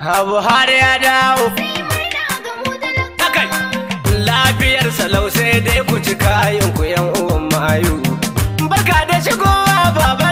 Buhari ya dawo. lafiyar salau sai dai ku ci kayan ku yan uwan mayu. Barka da shigowa baba.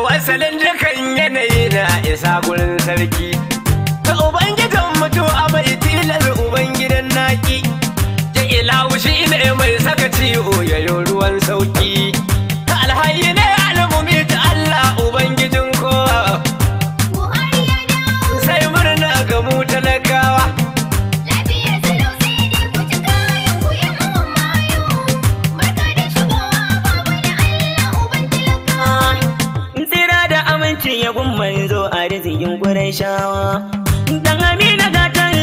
wasalin dukan yanayi na isa gurin sarki ta ubangidan mutu a mai tilar ubangidan naƙi, ya ila shi ne mai sakaci ciwo yi ruwan sauki shawa dan amina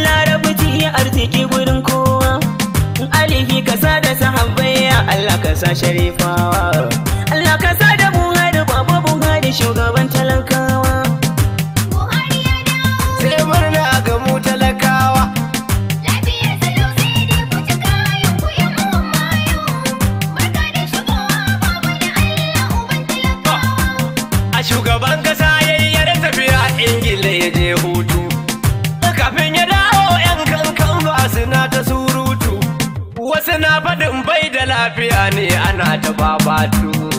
larabu ji arziki gurin kowa alihi ka sa da sahabbai Allah ka sa sharifawa Allah ka sa da buhari babu buhari shugaban talanka. ta babatu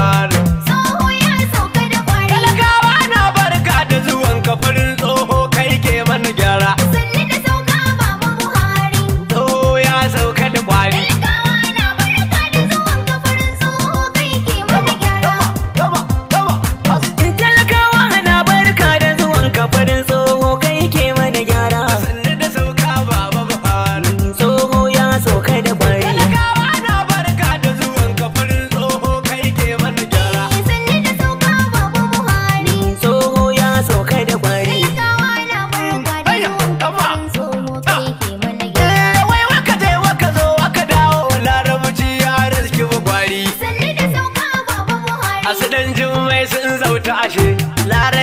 ashe larai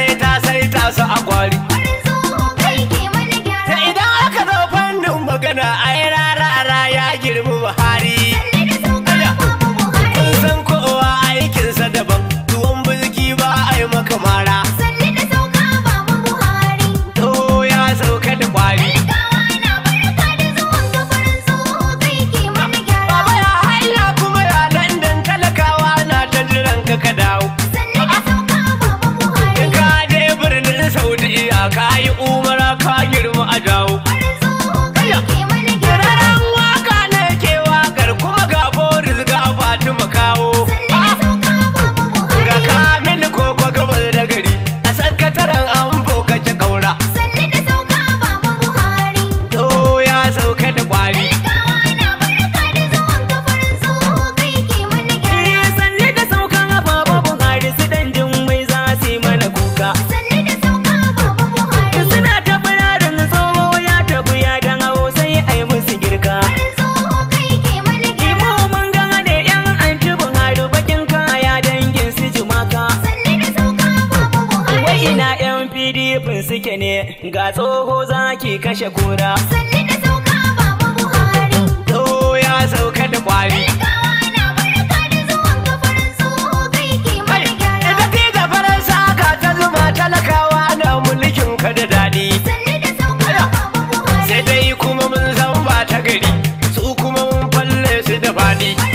yake ne ga tsoho zaki kashe kura sanni da sauka baba buhari tsoho ya sauka da kwari talakawa na mulkin ka daɗi sai dai kuma mun zama ba ta gari su kuma mun falle su da